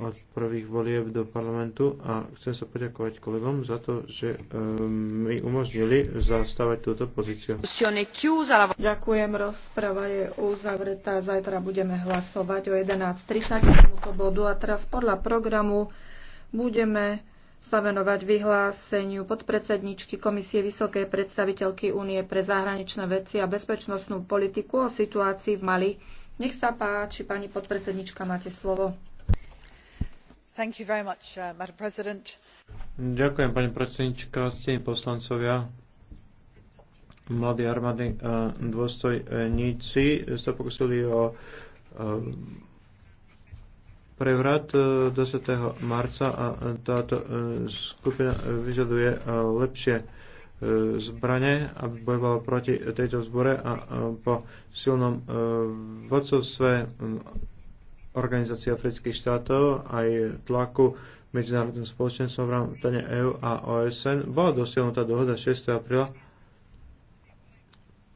od prvých volieb do parlamentu a chcem sa poďakovať kolegom za to, že eh, mi umožnili zastávať túto pozíciu. Ďakujem, rozprava je uzavretá. Zajtra budeme hlasovať o 11.30 bodu a teraz podľa programu budeme sa venovať vyhláseniu podpredsedničky Komisie Vysokej predstaviteľky Únie pre zahraničné veci a bezpečnostnú politiku o situácii v Mali nech sa páči, pani podpredsednička, máte slovo. Thank you very much, uh, Madam President. Ďakujem, pani predsednička, ctení poslancovia. Mladí armády uh, dôstojníci sa pokusili o uh, prevrat 10. Uh, marca a táto skupina vyžaduje lepšie E, zbrane aby bojovala proti tejto zbore a e, po silnom e, vodcovstve Organizácie afrických štátov aj tlaku medzinárodným spoločenstvom v rámci EU a OSN bola dosiahnutá dohoda 6. apríla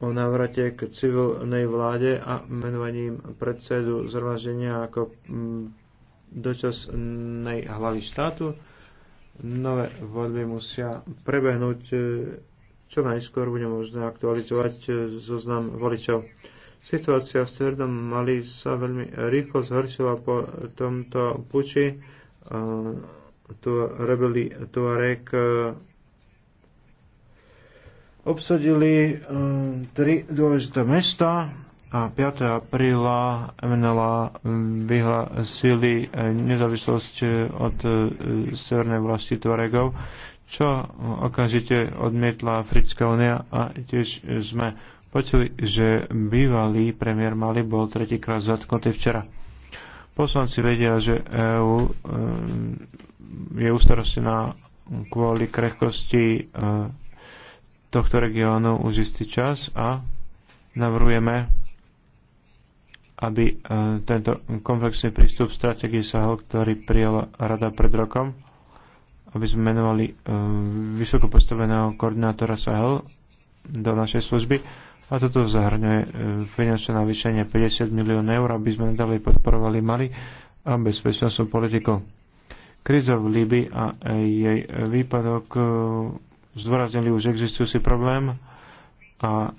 o návrate k civilnej vláde a menovaním predsedu zhromaždenia ako dočasnej hlavy štátu nové voľby musia prebehnúť e, čo najskôr bude možné aktualizovať e, zoznam voličov. Situácia v Severnom Mali sa veľmi rýchlo zhoršila po tomto puči. E, tu rebeli Tuarek obsadili tri dôležité mesta a 5. apríla MNLA vyhlásili e, nezávislosť e, od e, Severnej vlasti Tvaregov, čo okamžite odmietla Africká únia a tiež sme počuli, že bývalý premiér Mali bol tretíkrát zatknutý včera. Poslanci vedia, že EÚ je ustarostená kvôli krehkosti tohto regiónu už istý čas a navrhujeme aby e, tento komplexný prístup stratégie SAHO, ktorý prijala rada pred rokom, aby sme menovali e, vysoko postaveného koordinátora SAHEL do našej služby. A toto zahrňuje e, finančné navýšenie 50 milión eur, aby sme nadalej podporovali Mali a bezpečnostnú politiku. Kríza v Líbi a jej výpadok zdôraznili už existujúci problém a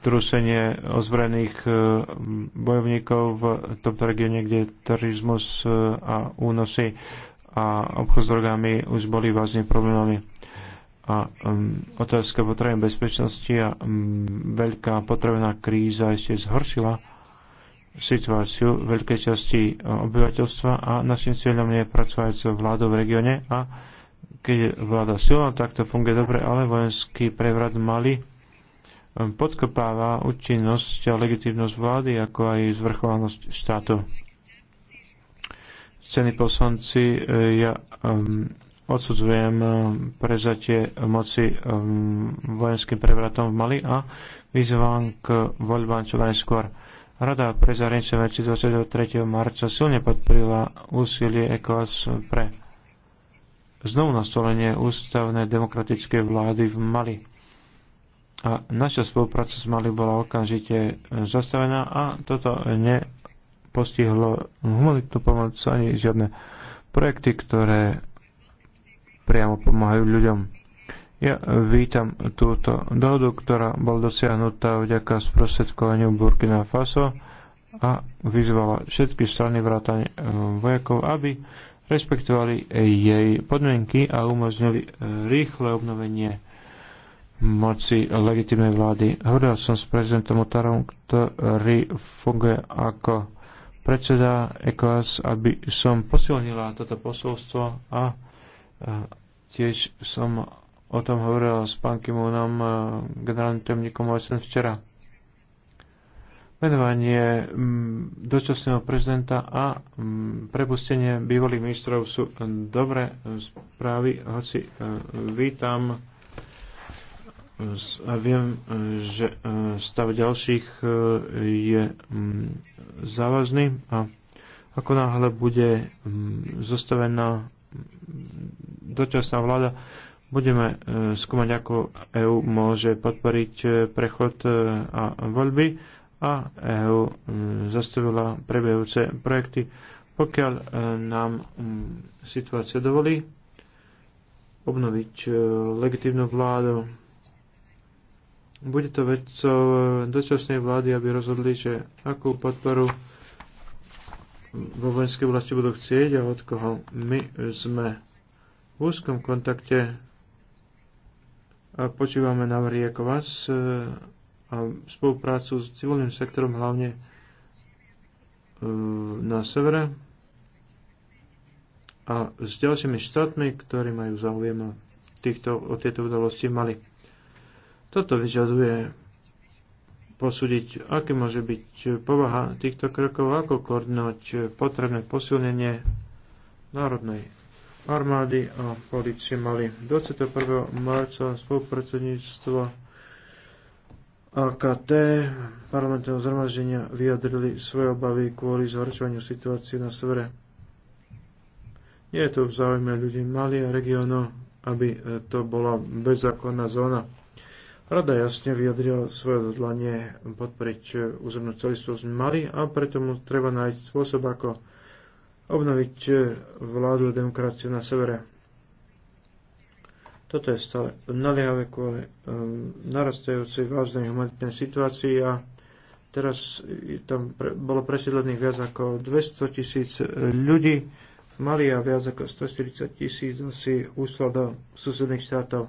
trusenie mm, ozbrojených e, bojovníkov v tomto regióne, kde terorizmus e, a únosy a obchod s drogami už boli vážne problémami. A um, otázka potreby bezpečnosti a um, veľká potrebná kríza ešte zhoršila situáciu veľkej časti obyvateľstva a našim cieľom je pracovať s vládou v regióne a keď je vláda silná, tak to funguje dobre, ale vojenský prevrat mali Ehm, podkopáva účinnosť a legitimnosť vlády, ako aj zvrchovanosť štátu. Cení poslanci, eh, ja um, odsudzujem ehm, prezatie moci um, vojenským prevratom v Mali a vyzvám k voľbám čo najskôr. Rada pre zahraničné veci 23. marca silne podporila úsilie ECOAS pre znovu nastolenie ústavnej demokratickej vlády v Mali a naša spolupráca s Mali bola okamžite e, zastavená a toto nepostihlo humanitnú pomoc ani žiadne projekty, ktoré priamo pomáhajú ľuďom. Ja vítam túto dohodu, ktorá bola dosiahnutá vďaka sprostredkovaniu Burkina Faso a vyzvala všetky strany vrátane e, vojakov, aby respektovali jej podmienky a umožnili e, rýchle obnovenie moci legitimnej vlády. Hovoril som s prezidentom Otarom, ktorý funguje ako predseda ECOAS, aby som posilnila toto posolstvo a tiež som o tom hovoril s pán Kimónom generálnym temníkom OSN včera Venovanie dočasného prezidenta a prepustenie bývalých ministrov sú dobré správy, hoci e, vítam a viem, e, že e, stav ďalších e, je závažný a ako náhle bude zostavená dočasná vláda, budeme skúmať, ako EÚ môže podporiť prechod a voľby a EÚ zastavila prebiehajúce projekty. Pokiaľ nám situácia dovolí obnoviť legitívnu vládu, bude to vedcov eh, dočasnej vlády, aby rozhodli, že akú podporu vo vojenskej vlasti budú chcieť a od koho. My sme v úzkom kontakte a počívame na ako vás eh, a spoluprácu s civilným sektorom hlavne eh, na severe a s ďalšími štátmi, ktorí majú záujem o, týchto, o tieto udalosti Mali. Toto vyžaduje posúdiť, aké môže byť povaha týchto krokov, ako koordinovať potrebné posilnenie národnej armády a policie mali 21. marca spolupracovníctvo AKT parlamentného zhromaždenia vyjadrili svoje obavy kvôli zhoršovaniu situácie na severe. Nie je to v záujme ľudí Mali a regiónu, aby to bola bezzákonná zóna. Rada jasne vyjadrila svoje odhodlanie podporiť eh, územnú celistvosť Mali a preto mu treba nájsť spôsob, ako obnoviť eh, vládu a demokraciu na severe. Toto je stále naliehavé kvôli um, narastajúcej vážnej humanitnej situácii a teraz tam pre, bolo presiedlených viac ako 200 tisíc ľudí v Mali a viac ako 140 tisíc asi úšlo do susedných štátov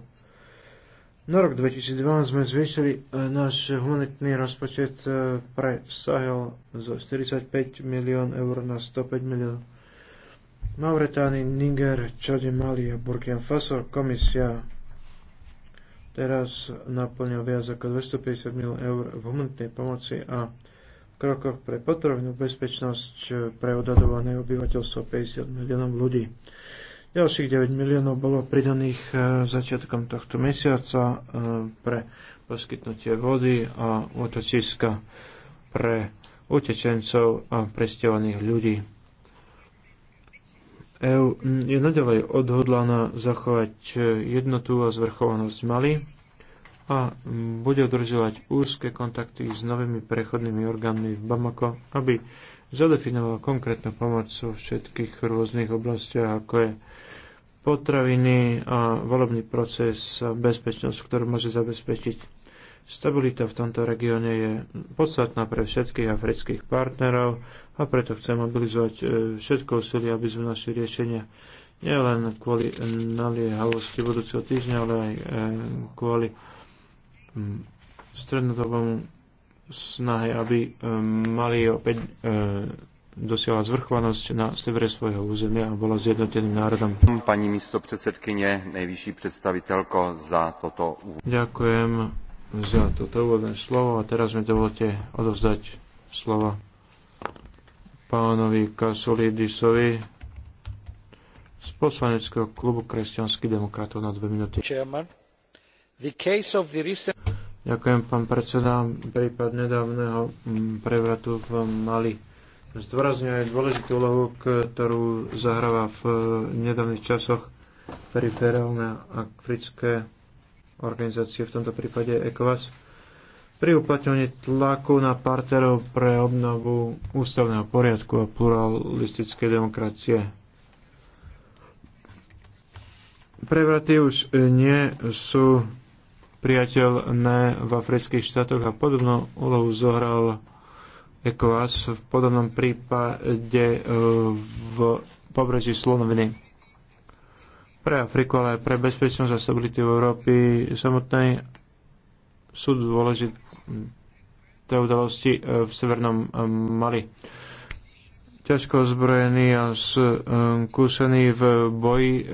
na rok 2012 sme zvýšili e, náš humanitný rozpočet e, pre Sahel zo 45 milión eur na 105 milión. Mauretány, Niger, Čade, Mali a Burkina Faso komisia teraz naplňa viac ako 250 milión eur v humanitnej pomoci a v krokoch pre potrebnú bezpečnosť e, pre odadované obyvateľstvo 50 miliónov ľudí. Ďalších 9 miliónov bolo pridaných e, začiatkom tohto mesiaca e, pre poskytnutie vody a útočiska pre utečencov a presťovaných ľudí. EU je nadalej odhodlaná zachovať e, jednotu a zvrchovanosť Mali a bude udržovať úzke kontakty s novými prechodnými orgánmi v Bamako, aby zadefinoval konkrétnu pomoc vo všetkých rôznych oblastiach, ako je potraviny a volebný proces a bezpečnosť, ktorú môže zabezpečiť. Stabilita v tomto regióne je podstatná pre všetkých afrických partnerov a preto chcem mobilizovať e, všetko úsilie, aby sme našli riešenia nielen kvôli naliehavosti budúceho týždňa, ale aj e, kvôli strednodobom snahy, aby ehm, mali opäť ehm, dosiahla zvrchovanosť na severe svojho územia a bola zjednoteným národom. Pani místo předsedkyně, nejvyšší predstaviteľko za toto úvodné. Ďakujem za toto úvodné slovo a teraz mi dovolte odovzdať slova pánovi Kasolidisovi z poslaneckého klubu kresťanských demokratov na dve minúty. Chairman, the case of the recent... Ďakujem, pán predseda. Prípad nedávneho mm, prevratu v Mali zdôrazňuje dôležitú úlohu, ktorú zahráva v eh, nedávnych časoch periférálne africké organizácie, v tomto prípade ECOWAS, pri uplatňovaní tlaku na partnerov pre obnovu ústavného poriadku a pluralistickej demokracie. Prevraty už eh, nie sú Priateľ ne v afrických štátoch a podobnú úlohu zohral ECOWAS v podobnom prípade e, v pobreží Slonoviny. Pre Afriku, ale aj pre bezpečnosť a stabilitu Európy samotnej sú dôležité udalosti e, v Severnom e, Mali ťažko zbrojení a skúsení um, v boji uh,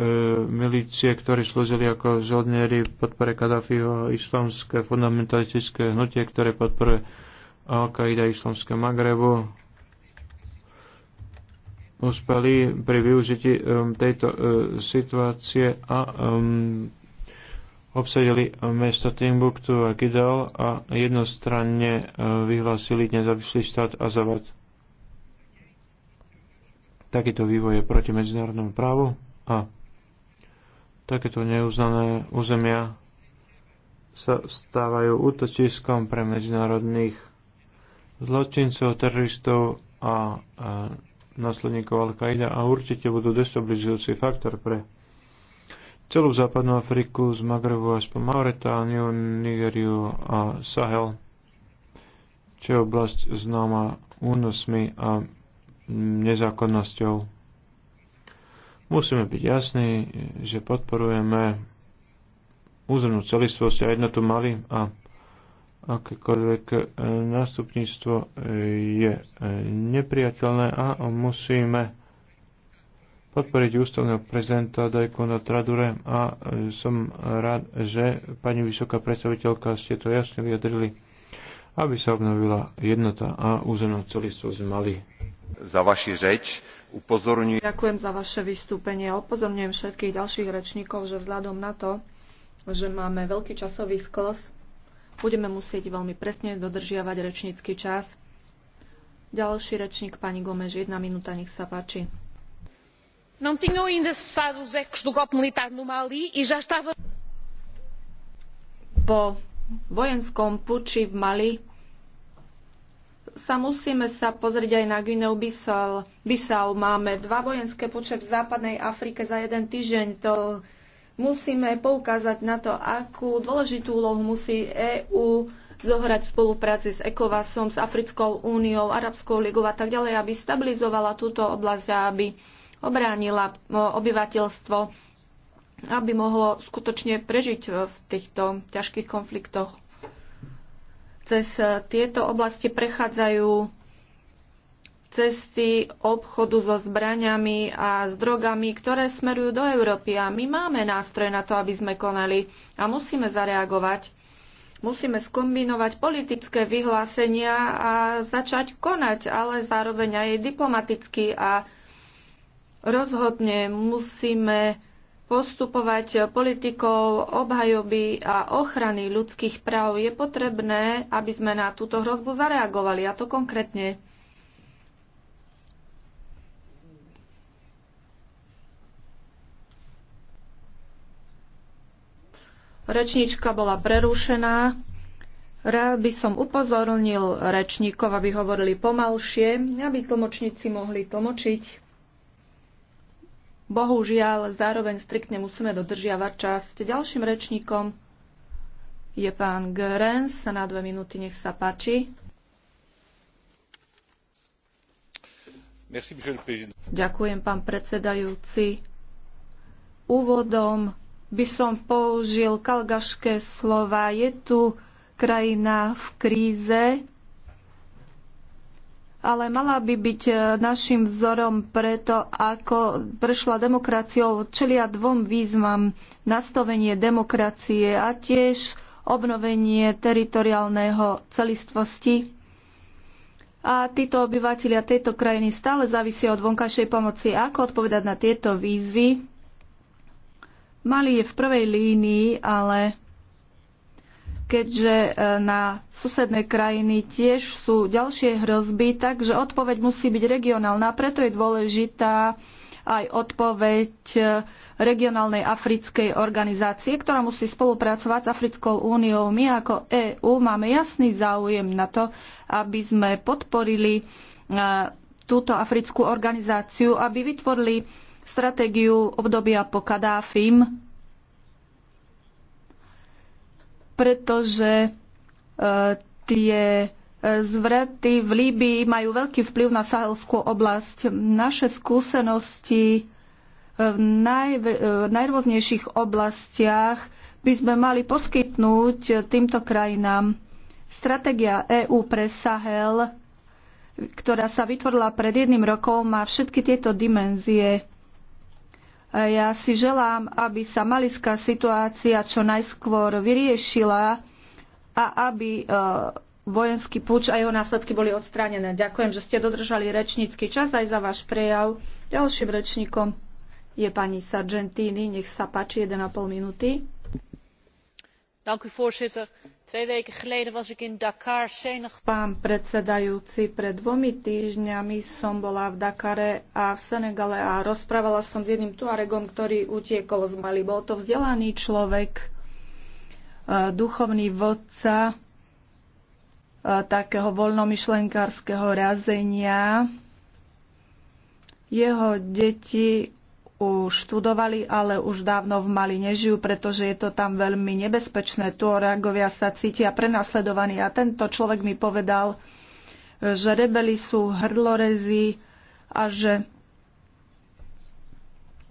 milície, ktorí slúžili ako žodnieri v podpore Kadáfiho islamské fundamentalistické hnutie, ktoré podporuje Al-Qaida islamské Magrebu uspeli pri využití um, tejto uh, situácie a um, obsadili mesto Timbuktu a Gidal a jednostranne uh, vyhlásili nezávislý štát Azabat. Takýto vývoj je proti medzinárodnému právu a takéto neuznané územia sa stávajú útočiskom pre medzinárodných zločincov, teroristov a, e, následníkov Al-Qaida a určite budú destabilizujúci faktor pre celú západnú Afriku z Magrebu až po Mauretániu, Nigeriu a Sahel, čo je oblasť známa únosmi a nezákonnosťou. Musíme byť jasní, že podporujeme územnú celistvosť a jednotu Mali a akékoľvek e, nástupníctvo e, je e, nepriateľné a musíme podporiť ústavného prezidenta Dajkona Tradure a som rád, že pani vysoká predstaviteľka ste to jasne vyjadrili aby sa obnovila jednota a územná celistvosť Mali. Za vaši reč upozorňujem... Ďakujem za vaše vystúpenie. Upozorňujem všetkých ďalších rečníkov, že vzhľadom na to, že máme veľký časový sklos, budeme musieť veľmi presne dodržiavať rečnícky čas. Ďalší rečník, pani Gomež, jedna minúta, nech sa páči. Não tinham ainda cessado os ecos do golpe militar no Mali e já estava... Po vojenskom puči v Mali sa musíme sa pozrieť aj na Guineu Bissau. Bissau máme dva vojenské počet v západnej Afrike za jeden týždeň. To musíme poukázať na to, akú dôležitú úlohu musí EÚ zohrať v spolupráci s ECOWASom, s Africkou úniou, Arabskou ligou a tak ďalej, aby stabilizovala túto oblasť a aby obránila obyvateľstvo, aby mohlo skutočne prežiť v týchto ťažkých konfliktoch. Cez eh, tieto oblasti prechádzajú cesty obchodu so zbraňami a s drogami, ktoré smerujú do Európy. A my máme nástroje na to, aby sme konali a musíme zareagovať. Musíme skombinovať politické vyhlásenia a začať konať, ale zároveň aj diplomaticky a rozhodne musíme postupovať politikou obhajoby a ochrany ľudských práv, je potrebné, aby sme na túto hrozbu zareagovali, a to konkrétne. Rečnička bola prerušená. Rád by som upozornil rečníkov, aby hovorili pomalšie, aby tlmočníci mohli tlmočiť. Bohužiaľ, zároveň striktne musíme dodržiavať časť. Ďalším rečníkom je pán Görens. Na dve minúty nech sa páči. Merci, Ďakujem, pán predsedajúci. Úvodom by som použil kalgašské slova. Je tu krajina v kríze, ale mala by byť e, našim vzorom preto, ako prešla demokraciou, čelia dvom výzvam nastavenie demokracie a tiež obnovenie teritoriálneho celistvosti. A títo obyvateľia tejto krajiny stále závisia od vonkajšej pomoci. Ako odpovedať na tieto výzvy? Mali je v prvej línii, ale keďže e, na susedné krajiny tiež sú ďalšie hrozby, takže odpoveď musí byť regionálna. Preto je dôležitá aj odpoveď e, regionálnej africkej organizácie, ktorá musí spolupracovať s Africkou úniou. My ako EÚ máme jasný záujem na to, aby sme podporili e, túto africkú organizáciu, aby vytvorili stratégiu obdobia po Kadáfim, pretože e, tie e, zvraty v Líbii majú veľký vplyv na sahelskú oblasť. Naše skúsenosti e, v naj, najrôznejších oblastiach by sme mali poskytnúť týmto krajinám. Stratégia EÚ pre Sahel, ktorá sa vytvorila pred jedným rokom, má všetky tieto dimenzie. Ja si želám, aby sa malická situácia čo najskôr vyriešila a aby e, vojenský púč a jeho následky boli odstránené. Ďakujem, že ste dodržali rečnícky čas aj za váš prejav. Ďalším rečníkom je pani Sargentini. Nech sa páči, 1,5 minúty voorzitter twee weken geleden was ik in dakar senegal. pán predsedajúci pred dvomi týždňami som bola v dakare a v senegale a rozprávala som s jedným tuaregom ktorý utiekol z mali bol to vzdelaný človek e, duchovný vodca e, takého voľnomyšlenkárskeho razenia jeho deti už študovali, ale už dávno v Mali nežijú, pretože je to tam veľmi nebezpečné. Tuoregovia sa cítia prenasledovaní a tento človek mi povedal, že rebeli sú hrdlorezy a že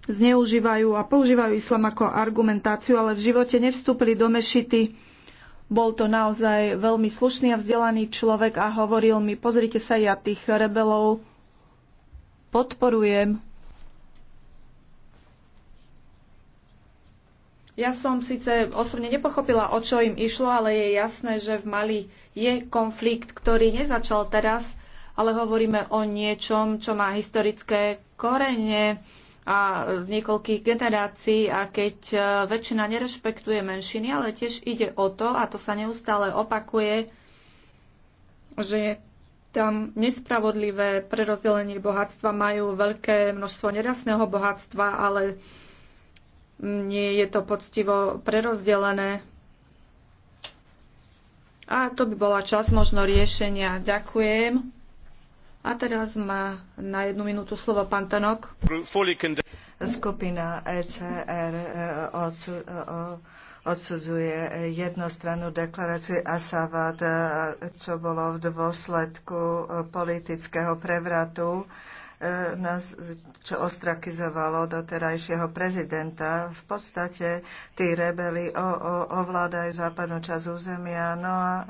zneužívajú a používajú islam ako argumentáciu, ale v živote nevstúpili do mešity. Bol to naozaj veľmi slušný a vzdelaný človek a hovoril mi, pozrite sa, ja tých rebelov podporujem, Ja som síce osobne nepochopila, o čo im išlo, ale je jasné, že v Mali je konflikt, ktorý nezačal teraz, ale hovoríme o niečom, čo má historické korene a niekoľkých generácií a keď e, väčšina nerešpektuje menšiny, ale tiež ide o to, a to sa neustále opakuje, že je tam nespravodlivé prerozdelenie bohatstva, majú veľké množstvo nerastného bohatstva, ale nie je to poctivo prerozdelené. A to by bola čas možno riešenia. Ďakujem. A teraz má na jednu minútu slovo pán Tanok. Skupina ECR e, e, odsudzuje jednostrannú deklaráciu Asavad, e, čo bolo v dôsledku politického prevratu E, nás, čo ostrakizovalo doterajšieho prezidenta. V podstate tí rebeli o, o, ovládajú západnú časť územia. No a e, e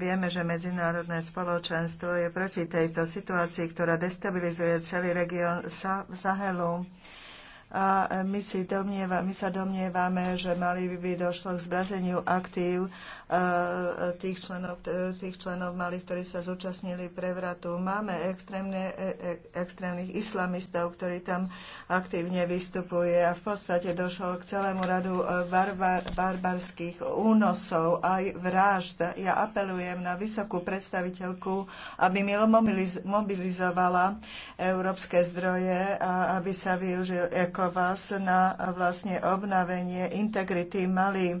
vieme, že medzinárodné spoločenstvo je proti tejto situácii, ktorá destabilizuje celý región Sahelu a my, si domnieva, my sa domnievame, že mali by došlo k zbrazeniu aktív E, tých členov, tých členov mali, ktorí sa zúčastnili prevratu. Máme extrémne, e, e, extrémnych islamistov, ktorí tam aktívne vystupuje a v podstate došlo k celému radu barbar, barbarských únosov aj vražd. Ja apelujem na vysokú predstaviteľku, aby milo mobilizovala európske zdroje a aby sa využil ECOVAS na vlastne obnavenie integrity Mali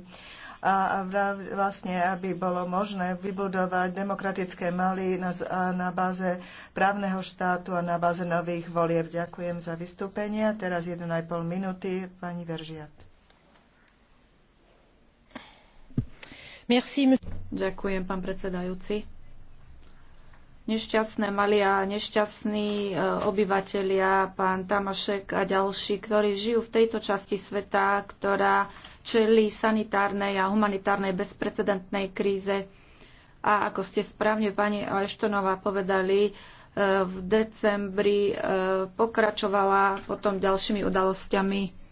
a vlastne, aby bolo možné vybudovať demokratické Mali na, na báze právneho štátu a na báze nových volieb. Ďakujem za vystúpenie. Teraz 1,5 minúty. Pani Veržiat. Ďakujem, pán predsedajúci. Nešťastné mali a nešťastní e, obyvateľia, pán Tamašek a ďalší, ktorí žijú v tejto časti sveta, ktorá čeli sanitárnej a humanitárnej bezprecedentnej kríze. A ako ste správne, pani Eštonová, povedali, e, v decembri e, pokračovala potom ďalšími udalosťami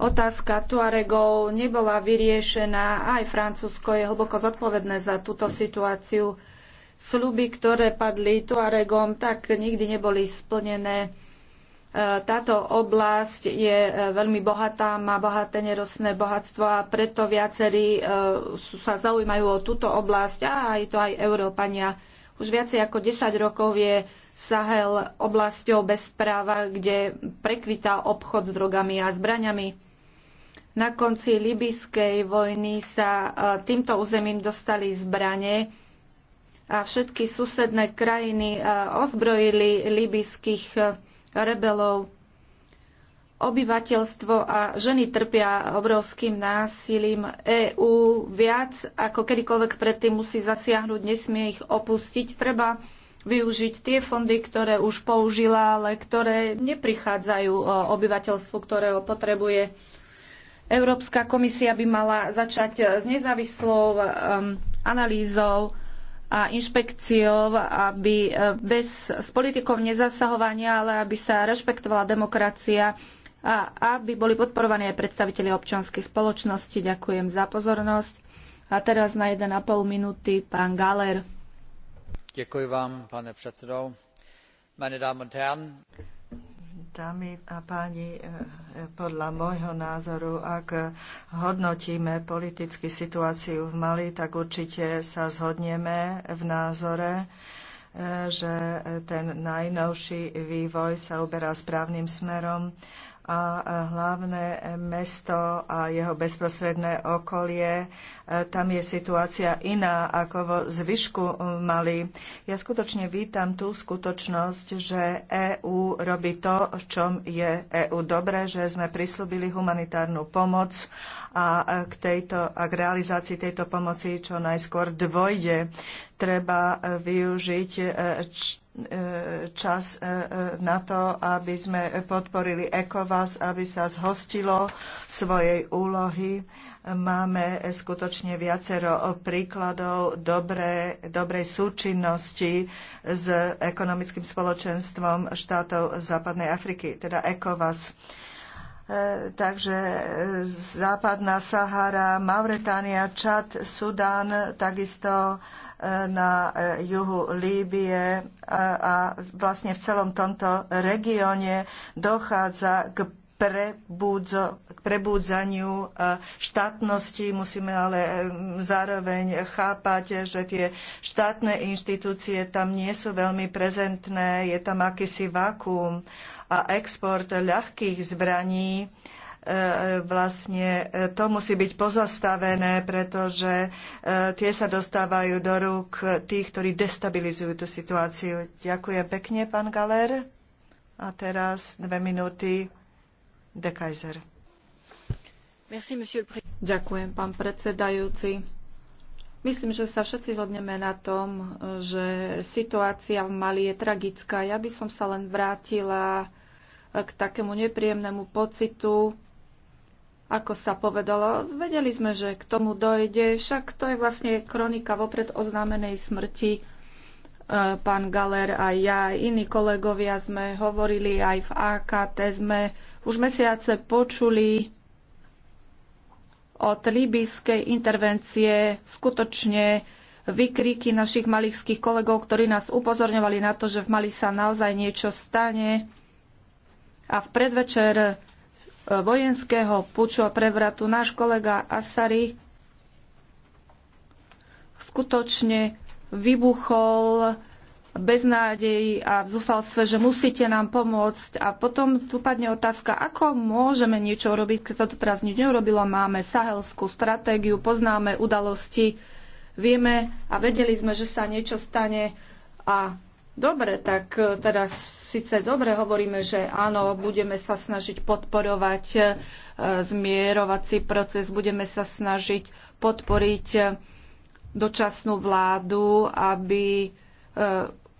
Otázka Tuaregov nebola vyriešená. Aj Francúzsko je hlboko zodpovedné za túto situáciu. Sľuby, ktoré padli Tuaregom, tak nikdy neboli splnené. Táto oblasť je e, veľmi bohatá, má bohaté nerostné bohatstvo a preto viacerí e, sa zaujímajú o túto oblasť a aj to aj Európania. Už viacej ako 10 rokov je Sahel oblasťou bez práva, kde prekvitá obchod s drogami a zbraňami. Na konci libyskej vojny sa e, týmto územím dostali zbranie, a všetky susedné krajiny ozbrojili libyských rebelov. Obyvateľstvo a ženy trpia obrovským násilím. EÚ viac ako kedykoľvek predtým musí zasiahnuť, nesmie ich opustiť. Treba využiť tie fondy, ktoré už použila, ale ktoré neprichádzajú obyvateľstvu, ktoré ho potrebuje. Európska komisia by mala začať s nezávislou um, analýzou a inšpekciou, aby e, bez s politikou nezasahovania, ale aby sa rešpektovala demokracia a aby boli podporovaní aj predstaviteľi občianskej spoločnosti. Ďakujem za pozornosť. A teraz na 1,5 minúty pán Galer. Ďakujem vám, pane predsedo. Meine Damen und Herren. Dámy a páni, eh, podľa môjho názoru, ak hodnotíme politickú situáciu v Mali, tak určite sa zhodneme v názore, eh, že ten najnovší vývoj sa uberá správnym smerom a hlavné mesto a jeho bezprostredné okolie. E, tam je situácia iná ako vo zvyšku Mali. Ja skutočne vítam tú skutočnosť, že EÚ robí to, v čom je EÚ dobré, že sme prislúbili humanitárnu pomoc a k, tejto, a k realizácii tejto pomoci čo najskôr dvojde. Treba e, využiť e, E, čas e, e, na to, aby sme podporili ECOVAS, aby sa zhostilo svojej úlohy. Máme skutočne viacero príkladov dobrej súčinnosti s ekonomickým spoločenstvom štátov Západnej Afriky, teda ECOVAS takže západná Sahara, Mauretánia, Čad, Sudán, takisto na e, juhu Líbie e, a vlastne v celom tomto regióne dochádza k k prebúdzaniu e, štátnosti. Musíme ale zároveň chápať, že tie štátne inštitúcie tam nie sú veľmi prezentné, je tam akýsi vakuum a export ľahkých zbraní E, vlastne e, to musí byť pozastavené, pretože e, tie sa dostávajú do rúk tých, ktorí destabilizujú tú situáciu. Ďakujem pekne, pán Galer. A teraz dve minúty. De Kaiser. Ďakujem, pán predsedajúci. Myslím, že sa všetci zhodneme na tom, že situácia v Mali je tragická. Ja by som sa len vrátila k takému nepríjemnému pocitu, ako sa povedalo, vedeli sme, že k tomu dojde, však to je vlastne kronika vopred oznámenej smrti. E, pán Galer a ja, iní kolegovia sme hovorili aj v AKT, sme už mesiace počuli od libyskej intervencie skutočne vykriky našich malikských kolegov, ktorí nás upozorňovali na to, že v Mali sa naozaj niečo stane. A v predvečer vojenského puču a prevratu. Náš kolega Asari skutočne vybuchol bez nádej a v zúfalstve, že musíte nám pomôcť. A potom tu padne otázka, ako môžeme niečo urobiť, keď sa to teraz nič neurobilo. Máme sahelskú stratégiu, poznáme udalosti, vieme a vedeli sme, že sa niečo stane. A dobre, tak teraz síce dobre hovoríme, že áno, budeme sa snažiť podporovať e, zmierovací proces, budeme sa snažiť podporiť e, dočasnú vládu, aby e,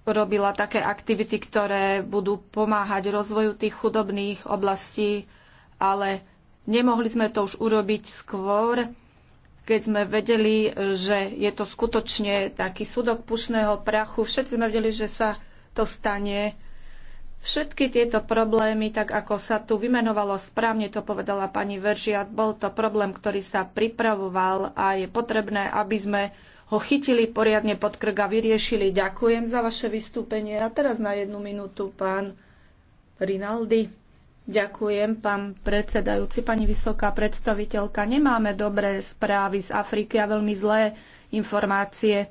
robila také aktivity, ktoré budú pomáhať rozvoju tých chudobných oblastí, ale nemohli sme to už urobiť skôr, keď sme vedeli, že je to skutočne taký súdok pušného prachu. Všetci sme vedeli, že sa to stane Všetky tieto problémy, tak ako sa tu vymenovalo správne, to povedala pani Veržiat, bol to problém, ktorý sa pripravoval a je potrebné, aby sme ho chytili poriadne pod krk a vyriešili. Ďakujem za vaše vystúpenie. A teraz na jednu minútu pán Rinaldi. Ďakujem, pán predsedajúci, pani vysoká predstaviteľka. Nemáme dobré správy z Afriky a veľmi zlé informácie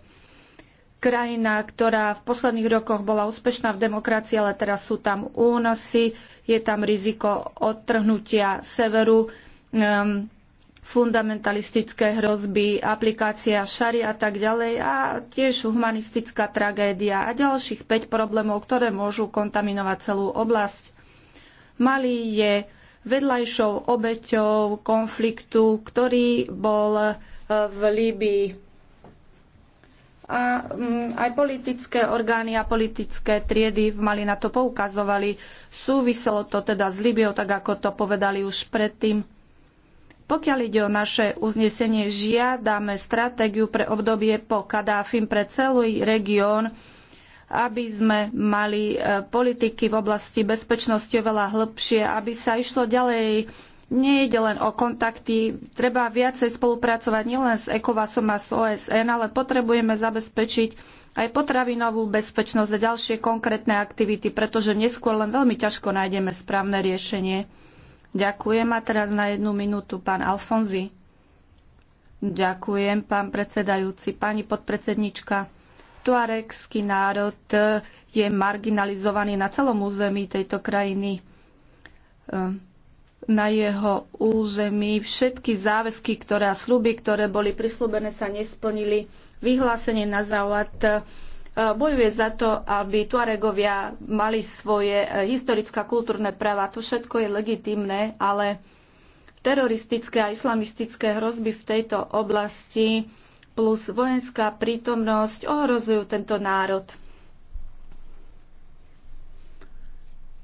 krajina, ktorá v posledných rokoch bola úspešná v demokracii, ale teraz sú tam únosy, je tam riziko odtrhnutia severu, um, fundamentalistické hrozby, aplikácia šary a tak ďalej a tiež humanistická tragédia a ďalších 5 problémov, ktoré môžu kontaminovať celú oblasť. Mali je vedľajšou obeťou konfliktu, ktorý bol uh, v Líbii a mm, aj politické orgány a politické triedy mali na to poukazovali. Súviselo to teda s Libiou, tak ako to povedali už predtým. Pokiaľ ide o naše uznesenie, žiadame stratégiu pre obdobie po Kadáfim pre celý región, aby sme mali e, politiky v oblasti bezpečnosti oveľa hĺbšie, aby sa išlo ďalej Nejde len o kontakty, treba viacej spolupracovať nielen s ECOWASom a s OSN, ale potrebujeme zabezpečiť aj potravinovú bezpečnosť a ďalšie konkrétne aktivity, pretože neskôr len veľmi ťažko nájdeme správne riešenie. Ďakujem a teraz na jednu minútu pán Alfonzi. Ďakujem, pán predsedajúci, pani podpredsednička. Tuarekský národ eh, je marginalizovaný na celom území tejto krajiny. Eh, na jeho území. Všetky záväzky, ktoré a sluby, ktoré boli prislúbené, sa nesplnili. Vyhlásenie na závad, e, bojuje za to, aby Tuaregovia mali svoje e, historické kultúrne práva. To všetko je legitimné, ale teroristické a islamistické hrozby v tejto oblasti plus vojenská prítomnosť ohrozujú tento národ.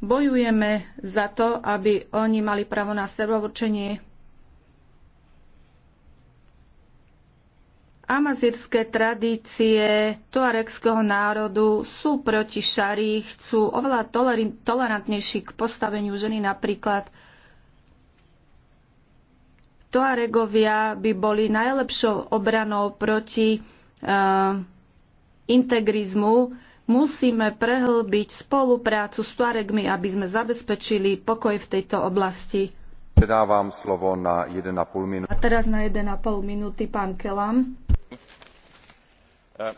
Bojujeme za to, aby oni mali právo na sebovočenie. Amazirské tradície tuarekského národu sú proti šarí, chcú oveľa tolerantnejší k postaveniu ženy napríklad. Tuaregovia by boli najlepšou obranou proti uh, integrizmu, Musíme prehlbiť spoluprácu s Tuaregmi, aby sme zabezpečili pokoj v tejto oblasti. Predávam slovo na 1,5 minúty. A teraz na 1,5 minúty pán Kelam. Uh,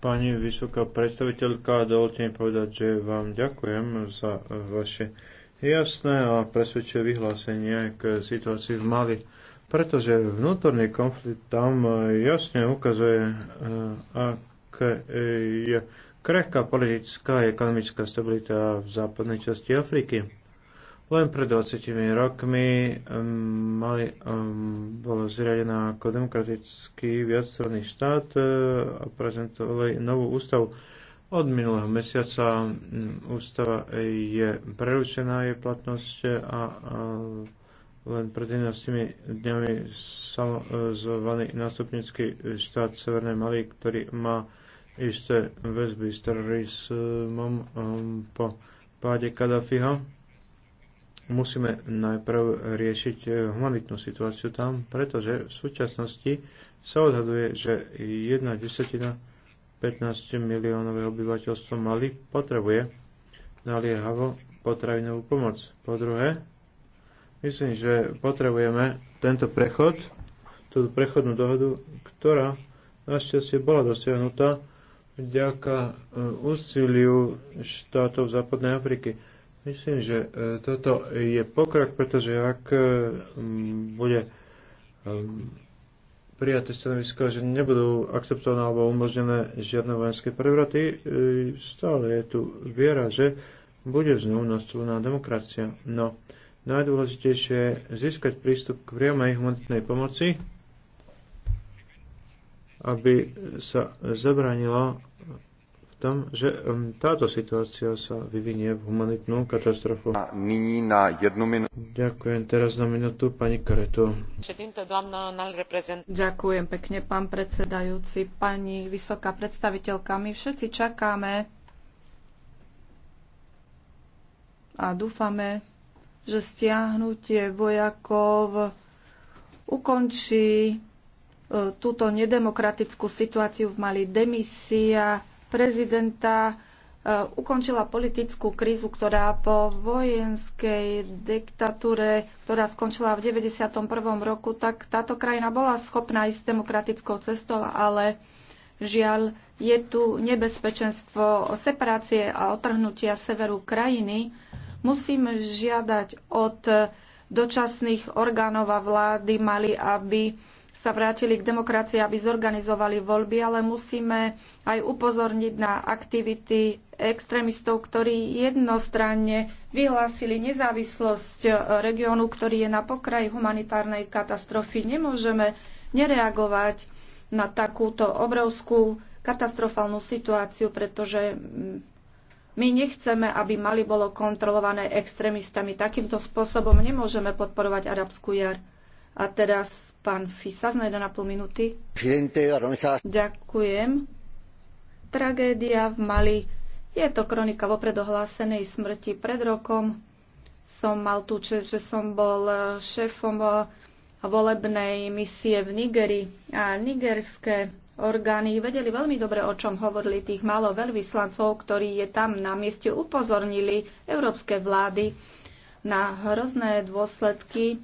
Pani vysoká predstaviteľka, dovolte mi povedať, že vám ďakujem za vaše jasné a presvedčivé vyhlásenie k situácii v Mali pretože vnútorný konflikt tam jasne ukazuje, uh, ak E, je krehká politická a ekonomická stabilita v západnej časti Afriky. Len pred 20 rokmi um, mali, um, bola zriadená ako demokratický viacstranný štát uh, a prezentovali novú ústavu. Od minulého mesiaca um, ústava je prerušená jej platnosť e, a a len pred 11 dňami samozvaný nástupnický štát Severnej Mali, ktorý má isté väzby s terorizmom um, po páde Kadafiho. Musíme najprv riešiť eh, humanitnú situáciu tam, pretože v súčasnosti sa odhaduje, že jedna desatina 15 miliónové obyvateľstvo Mali potrebuje naliehavo potravinovú pomoc. Po druhé, myslím, že potrebujeme tento prechod, túto prechodnú dohodu, ktorá našťastie bola dosiahnutá vďaka e, úsiliu štátov Západnej Afriky. Myslím, že e, toto je pokrok, pretože ak e, bude prijaté stanovisko, že nebudú akceptované alebo umožnené žiadne vojenské prevraty, stále je tu viera, že bude znovu nastolená demokracia. No, najdôležitejšie je získať prístup k priamej humanitnej pomoci aby sa zabranilo v tom, že táto situácia sa vyvinie v humanitnú katastrofu. A nyní na jednu minútu. Ďakujem teraz na minútu pani Karetu. Ďakujem pekne, pán predsedajúci, pani vysoká predstaviteľka. My všetci čakáme a dúfame, že stiahnutie vojakov ukončí E, túto nedemokratickú situáciu v Mali. Demisia prezidenta e, ukončila politickú krízu, ktorá po vojenskej diktatúre, ktorá skončila v 91. roku, tak táto krajina bola schopná ísť demokratickou cestou, ale žiaľ je tu nebezpečenstvo separácie a otrhnutia severu krajiny. Musíme žiadať od dočasných orgánov a vlády mali, aby sa vrátili k demokracii, aby zorganizovali voľby, ale musíme aj upozorniť na aktivity extrémistov, ktorí jednostranne vyhlásili nezávislosť regiónu, ktorý je na pokraji humanitárnej katastrofy. Nemôžeme nereagovať na takúto obrovskú katastrofálnu situáciu, pretože my nechceme, aby Mali bolo kontrolované extrémistami. Takýmto spôsobom nemôžeme podporovať arabskú jar. A teraz pán Fisas na 1,5 minúty. Ďakujem. Tragédia v Mali. Je to kronika vopred ohlásenej smrti. Pred rokom som mal tú čest, že som bol šéfom volebnej misie v Nigeri a nigerské orgány vedeli veľmi dobre, o čom hovorili tých málo veľvyslancov, ktorí je tam na mieste upozornili európske vlády na hrozné dôsledky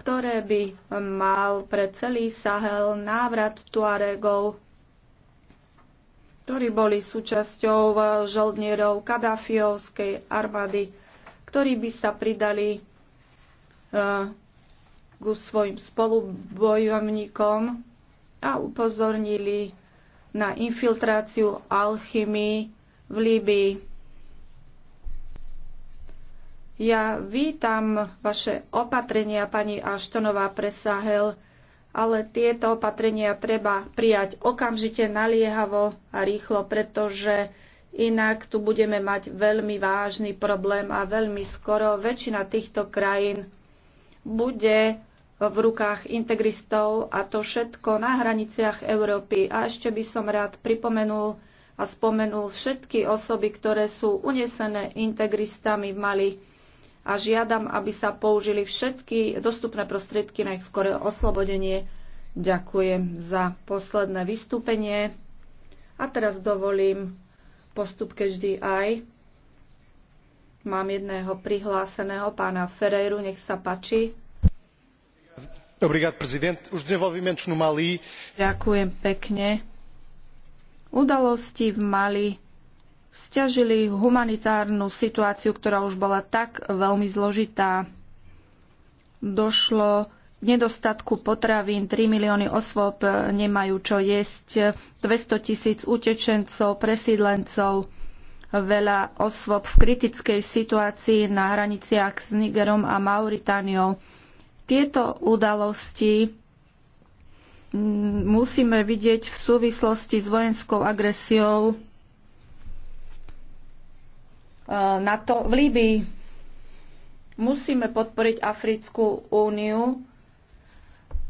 ktoré by mal pre celý Sahel návrat Tuaregov, ktorí boli súčasťou žoldnierov Kadafiovskej armády, ktorí by sa pridali eh, ku svojim spolubojovníkom a upozornili na infiltráciu alchymii v Líbii. Ja vítam vaše opatrenia, pani Aštonová Presahel, ale tieto opatrenia treba prijať okamžite, naliehavo a rýchlo, pretože inak tu budeme mať veľmi vážny problém a veľmi skoro väčšina týchto krajín bude v rukách integristov a to všetko na hraniciach Európy. A ešte by som rád pripomenul a spomenul všetky osoby, ktoré sú unesené integristami v Mali a žiadam, aby sa použili všetky dostupné prostriedky na ich skoré oslobodenie. Ďakujem za posledné vystúpenie a teraz dovolím postup vždy aj. Mám jedného prihláseného, pána Ferreiru, nech sa páči. Obrigado, prezident. Už desenvolvimentos no Mali. Ďakujem pekne. Udalosti v Mali stiažili humanitárnu situáciu, ktorá už bola tak veľmi zložitá. Došlo k nedostatku potravín, 3 milióny osôb nemajú čo jesť, 200 tisíc utečencov, presídlencov, veľa osôb v kritickej situácii na hraniciach s Nigerom a Mauritániou. Tieto udalosti musíme vidieť v súvislosti s vojenskou agresiou E, to v Líbii. Musíme podporiť Africkú úniu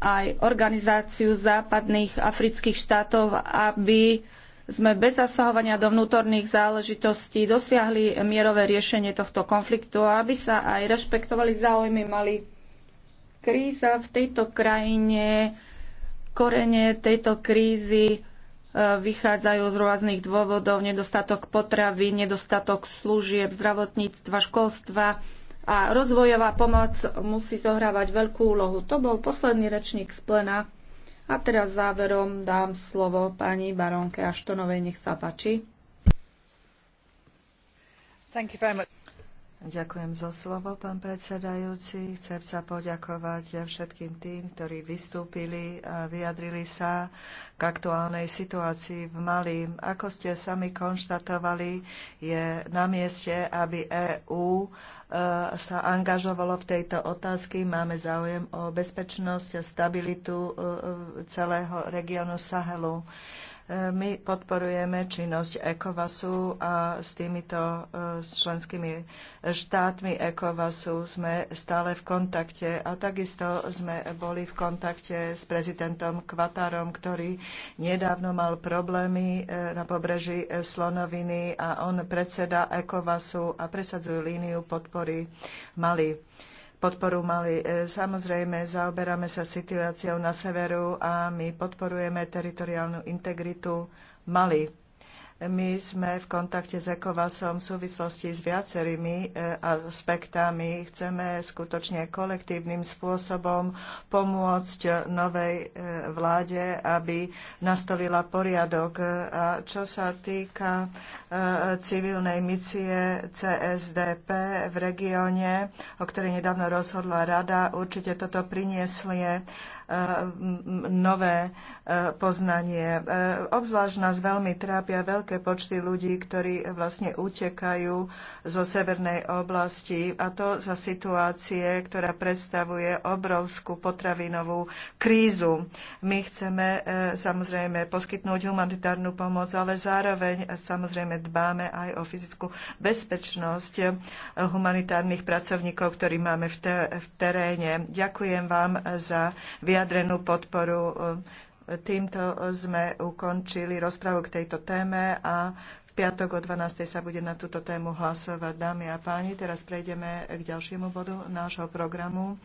aj organizáciu západných afrických štátov, aby sme bez zasahovania do vnútorných záležitostí dosiahli mierové riešenie tohto konfliktu a aby sa aj rešpektovali záujmy mali. Kríza v tejto krajine, korene tejto krízy vychádzajú z rôznych dôvodov, nedostatok potravy, nedostatok služieb, zdravotníctva, školstva a rozvojová pomoc musí zohrávať veľkú úlohu. To bol posledný rečník z plena a teraz záverom dám slovo pani baronke Aštonovej, nech sa páči. Thank you very much. Ďakujem za slovo, pán predsedajúci. Chcem sa poďakovať všetkým tým, ktorí vystúpili a vyjadrili sa k aktuálnej situácii v Mali. Ako ste sami konštatovali, je na mieste, aby EÚ e, sa angažovalo v tejto otázky. Máme záujem o bezpečnosť a stabilitu e, e, celého regiónu Sahelu. My podporujeme činnosť ECOVASu a s týmito e, členskými štátmi ECOVASu sme stále v kontakte a takisto sme boli v kontakte s prezidentom Kvatarom, ktorý nedávno mal problémy e, na pobreží e, Slonoviny a on predseda ECOVASu a presadzujú líniu podpory Mali podporu mali. E, samozrejme, zaoberáme sa situáciou na severu a my podporujeme teritoriálnu integritu Mali. My sme v kontakte s ECOVASom v súvislosti s viacerými e, aspektami. Chceme skutočne kolektívnym spôsobom pomôcť novej e, vláde, aby nastolila poriadok. E, a čo sa týka civilnej misie CSDP v regióne, o ktorej nedávno rozhodla rada, určite toto prinieslie nové e, poznanie. E, obzvlášť nás veľmi trápia veľké počty ľudí, ktorí vlastne utekajú zo severnej oblasti a to za situácie, ktorá predstavuje obrovskú potravinovú krízu. My chceme e, samozrejme poskytnúť humanitárnu pomoc, ale zároveň samozrejme dbáme aj o fyzickú bezpečnosť humanitárnych pracovníkov, ktorí máme v teréne. Ďakujem vám za viac vyjadrenú podporu. E, týmto sme ukončili rozpravu k tejto téme a v piatok o 12. sa bude na túto tému hlasovať. Dámy a páni, teraz prejdeme k ďalšiemu bodu nášho programu.